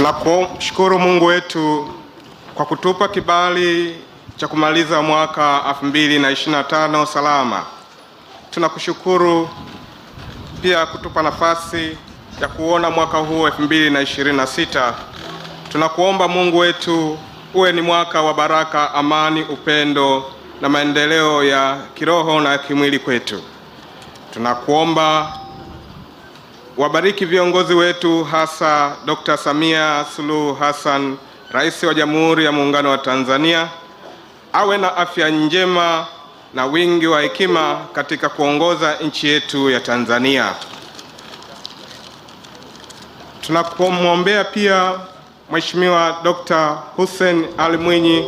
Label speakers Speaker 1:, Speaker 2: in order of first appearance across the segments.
Speaker 1: Tunamshukuru Mungu wetu kwa kutupa kibali cha kumaliza mwaka 2025 salama. Tunakushukuru pia kutupa nafasi ya kuona mwaka huu 2026. Tunakuomba Mungu wetu uwe ni mwaka wa baraka, amani, upendo na maendeleo ya kiroho na kimwili kwetu. Tunakuomba Wabariki viongozi wetu hasa Dr. Samia Suluhu Hassan, Rais wa Jamhuri ya Muungano wa Tanzania. Awe na afya njema na wingi wa hekima katika kuongoza nchi yetu ya Tanzania. tunakumwombea pia Mheshimiwa Dr. Hussein Ali Mwinyi,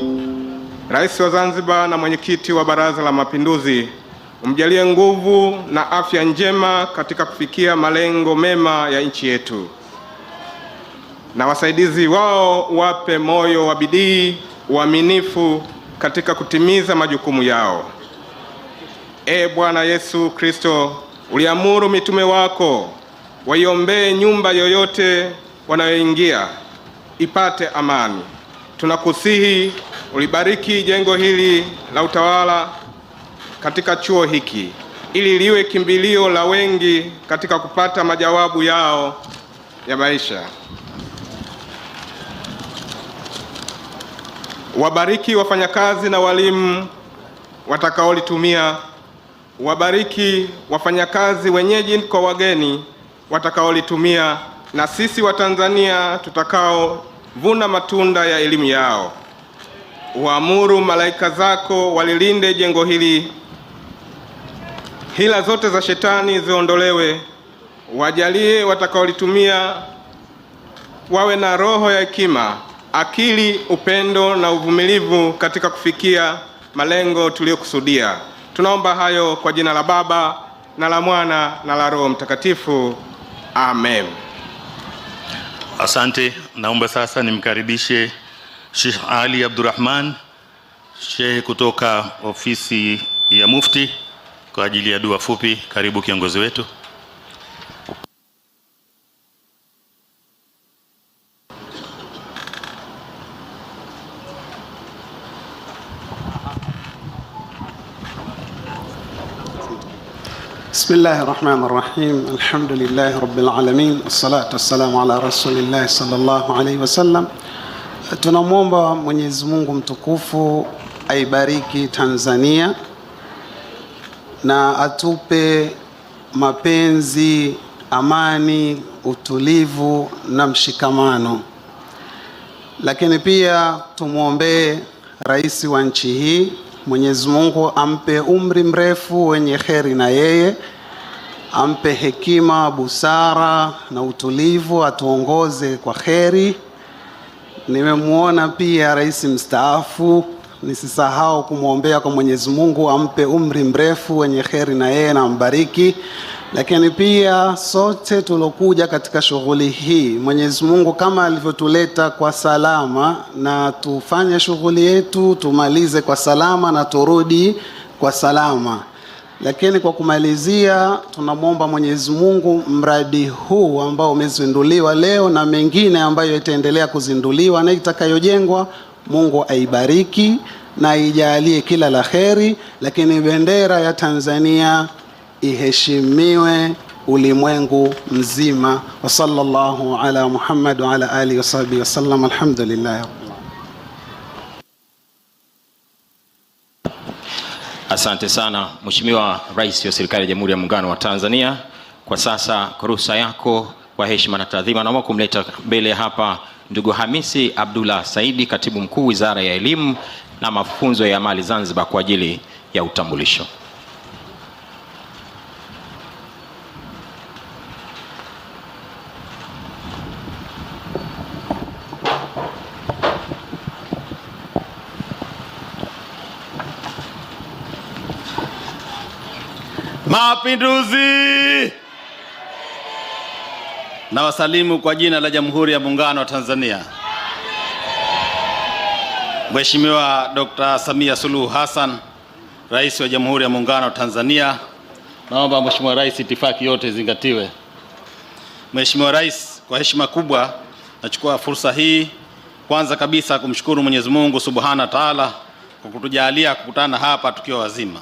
Speaker 1: Rais wa Zanzibar na mwenyekiti wa Baraza la Mapinduzi umjalie nguvu na afya njema katika kufikia malengo mema ya nchi yetu, na wasaidizi wao wape moyo wa bidii, uaminifu katika kutimiza majukumu yao. E Bwana Yesu Kristo, uliamuru mitume wako waiombee nyumba yoyote wanayoingia ipate amani. Tunakusihi ulibariki jengo hili la utawala katika chuo hiki ili liwe kimbilio la wengi katika kupata majawabu yao ya maisha. Wabariki wafanyakazi na walimu watakaolitumia. Wabariki wafanyakazi wenyeji kwa wageni watakaolitumia, na sisi Watanzania tutakaovuna matunda ya elimu yao. Waamuru malaika zako walilinde jengo hili Hila zote za shetani ziondolewe, wajalie watakaolitumia wawe na roho ya hekima, akili, upendo na uvumilivu katika kufikia malengo tuliyokusudia. Tunaomba hayo kwa jina la Baba na la Mwana na la Roho Mtakatifu, amen.
Speaker 2: Asante. Naomba sasa nimkaribishe Sheikh Ali Abdurrahman, shehe kutoka ofisi ya Mufti kwa ajili ya dua fupi. Karibu kiongozi wetu.
Speaker 3: Bismillahi rahmani rahim, alhamdulillahi rabbil alamin, wassalatu wassalamu ala rasulillahi sallallahu alaihi wasallam. Tunamwomba Mwenyezi Mungu mtukufu aibariki Tanzania na atupe mapenzi, amani, utulivu na mshikamano. Lakini pia tumwombee rais wa nchi hii, Mwenyezi Mungu ampe umri mrefu wenye kheri na yeye ampe hekima, busara na utulivu, atuongoze kwa kheri. Nimemwona pia rais mstaafu nisisahau kumwombea kwa Mwenyezi Mungu ampe umri mrefu wenye heri na yeye na mbariki. Lakini pia sote tulokuja katika shughuli hii, Mwenyezi Mungu kama alivyotuleta kwa salama, na tufanye shughuli yetu tumalize kwa salama na turudi kwa salama. Lakini kwa kumalizia, tunamwomba Mwenyezi Mungu mradi huu ambao umezinduliwa leo na mengine ambayo itaendelea kuzinduliwa na itakayojengwa Mungu aibariki na aijalie kila la kheri, lakini bendera ya Tanzania iheshimiwe ulimwengu mzima. Wa sallallahu ala Muhammad wa ala alihi wa sahbihi sallam. Alhamdulillah.
Speaker 2: Asante sana Mheshimiwa Rais wa Serikali ya Jamhuri ya Muungano wa Tanzania. Kwa sasa, kwa ruhusa yako, kwa heshima na taadhima, naomba kumleta mbele hapa ndugu Hamisi Abdullah Saidi, katibu mkuu Wizara ya Elimu na Mafunzo ya mali Zanzibar, kwa ajili ya utambulisho. Mapinduzi! na wasalimu kwa jina la Jamhuri ya Muungano wa Tanzania. Mheshimiwa Dr. Samia Suluhu Hassan, Rais wa Jamhuri ya Muungano wa Tanzania. Naomba Mheshimiwa Rais, itifaki yote izingatiwe.
Speaker 4: Mheshimiwa Rais, kwa heshima kubwa nachukua fursa hii kwanza kabisa kumshukuru Mwenyezi Mungu Subhana wa Ta'ala kwa kutujalia kukutana hapa tukiwa wazima.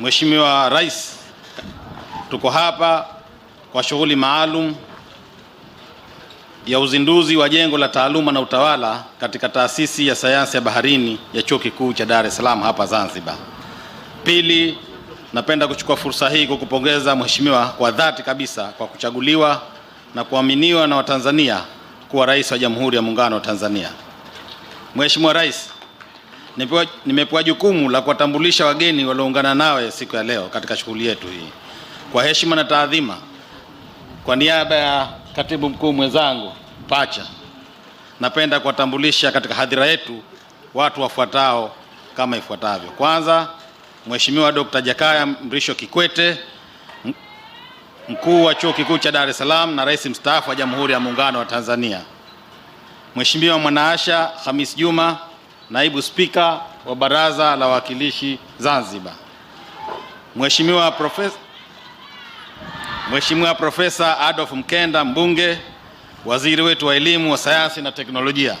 Speaker 4: Mheshimiwa Rais, tuko hapa kwa shughuli maalum ya uzinduzi wa jengo la taaluma na utawala katika taasisi ya sayansi ya baharini ya Chuo Kikuu cha Dar es Salaam hapa Zanzibar. Pili, napenda kuchukua fursa hii kukupongeza mheshimiwa kwa dhati kabisa kwa kuchaguliwa na kuaminiwa na Watanzania kuwa rais wa Jamhuri ya Muungano wa Tanzania. Mheshimiwa Rais, nimepewa, nimepewa jukumu la kuwatambulisha wageni walioungana nawe siku ya leo katika shughuli yetu hii. Kwa heshima na taadhima, kwa niaba ya katibu mkuu mwenzangu pacha, napenda kuwatambulisha katika hadhira yetu watu wafuatao kama ifuatavyo. Kwanza, Mheshimiwa Dr. Jakaya Mrisho Kikwete, mkuu wa Chuo Kikuu cha Dar es Salaam na rais mstaafu wa Jamhuri ya Muungano wa Tanzania. Mheshimiwa Mwanaasha Hamis Juma, naibu spika wa Baraza la Wawakilishi Zanzibar. Mheshimiwa Profesa Mheshimiwa Profesa Adolf Mkenda Mbunge, waziri wetu wa elimu wa sayansi na teknolojia.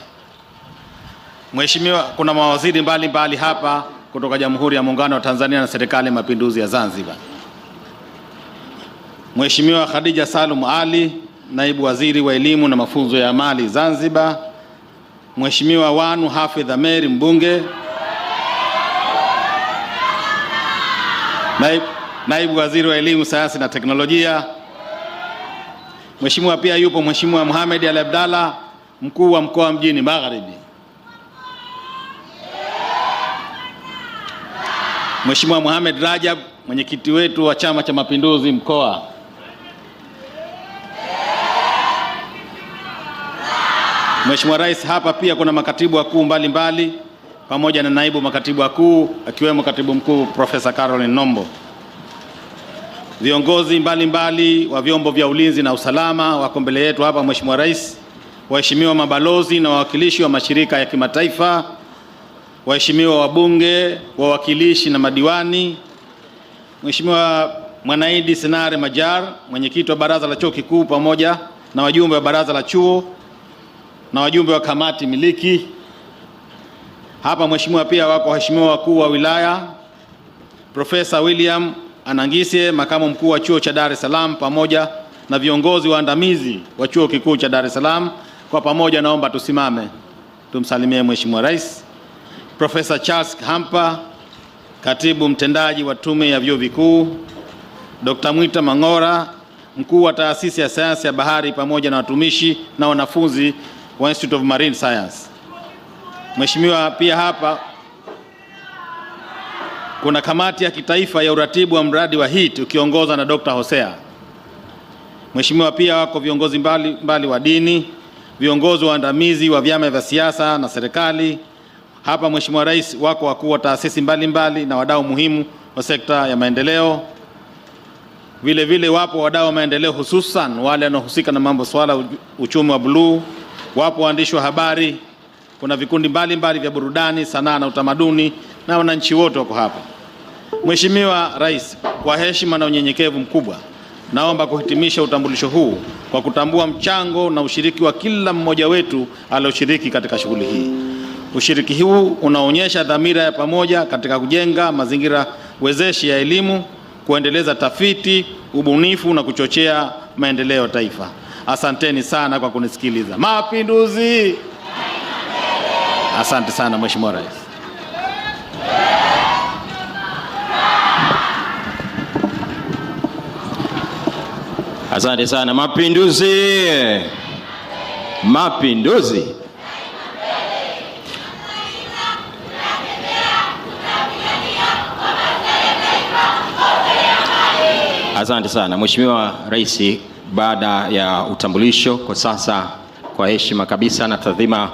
Speaker 4: Mheshimiwa, kuna mawaziri mbalimbali mbali hapa kutoka Jamhuri ya Muungano wa Tanzania na Serikali ya Mapinduzi ya Zanzibar. Mheshimiwa Khadija Salum Ali, naibu waziri wa elimu na mafunzo ya amali Zanzibar. Mheshimiwa Wanu Hafidh Ameri, mbunge naibu naibu waziri wa elimu, sayansi na teknolojia. Mheshimiwa pia yupo Mheshimiwa Mohamed Ali Abdalla, mkuu wa mkoa mjini Magharibi. Mheshimiwa Mohamed Rajab, mwenyekiti wetu wa Chama cha Mapinduzi mkoa. Mheshimiwa Rais, hapa pia kuna makatibu wakuu mbalimbali pamoja na naibu makatibu wakuu akiwemo katibu mkuu Profesa Caroline Nombo viongozi mbalimbali wa vyombo vya ulinzi na usalama wako mbele yetu hapa, Mheshimiwa Rais, waheshimiwa mabalozi na wawakilishi wa mashirika ya kimataifa, waheshimiwa wabunge, wawakilishi na madiwani, Mheshimiwa Mwanaidi Senare Majar, mwenyekiti wa baraza la chuo kikuu, pamoja na wajumbe wa baraza la chuo na wajumbe wa kamati miliki hapa. Mheshimiwa, pia wako waheshimiwa wakuu wa wilaya, Profesa William Anangise, makamu mkuu wa chuo cha Dar es Salaam, pamoja na viongozi waandamizi wa chuo kikuu cha Dar es Salaam, kwa pamoja naomba tusimame tumsalimie Mheshimiwa Rais. Profesa Charles Hampa, katibu mtendaji wa Tume ya Vyuo Vikuu, Dr. Mwita Mang'ora, mkuu wa taasisi ya sayansi ya bahari, pamoja na watumishi na wanafunzi wa Institute of Marine Science. Mheshimiwa pia hapa kuna kamati ya kitaifa ya uratibu wa mradi wa HEET ukiongozwa na Dr. Hosea. Mheshimiwa, pia wako viongozi mbali, mbali wa dini, viongozi waandamizi wa vyama vya siasa na serikali. Hapa Mheshimiwa Rais, wako wakuu wa taasisi mbalimbali na wadau muhimu wa sekta ya maendeleo. Vile vile wapo wadau wa maendeleo, hususan wale wanaohusika na mambo swala uchumi wa bluu Wapo waandishi wa habari, kuna vikundi mbalimbali mbali vya burudani, sanaa na utamaduni na wananchi wote wako hapa. Mheshimiwa Rais, kwa heshima na unyenyekevu mkubwa, naomba kuhitimisha utambulisho huu kwa kutambua mchango na ushiriki wa kila mmoja wetu alioshiriki katika shughuli hii. Ushiriki huu unaonyesha dhamira ya pamoja katika kujenga mazingira wezeshi ya elimu, kuendeleza tafiti, ubunifu na kuchochea maendeleo ya taifa. Asanteni sana kwa kunisikiliza. Mapinduzi! Asante sana Mheshimiwa Rais. Asante sana. Mapinduzi, mapinduzi. Asante sana Mheshimiwa Rais, baada ya utambulisho, kwa sasa kwa heshima kabisa na tadhima,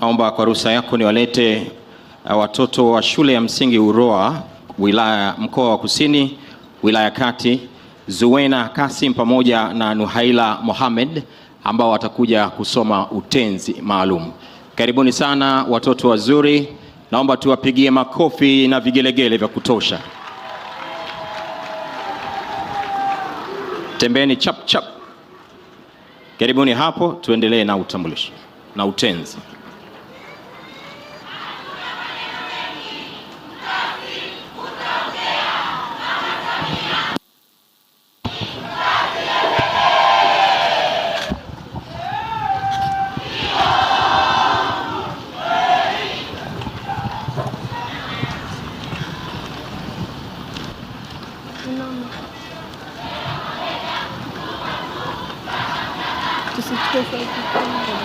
Speaker 4: naomba kwa ruhusa yako niwalete uh, watoto wa shule ya msingi Uroa, wilaya mkoa wa Kusini, wilaya Kati Zuwena Kasim pamoja na Nuhaila Mohamed ambao watakuja kusoma utenzi maalum. Karibuni sana watoto wazuri, naomba tuwapigie makofi na vigelegele vya kutosha. Tembeni chap chap. Karibuni hapo, tuendelee na utambulisho na utenzi. 谢的。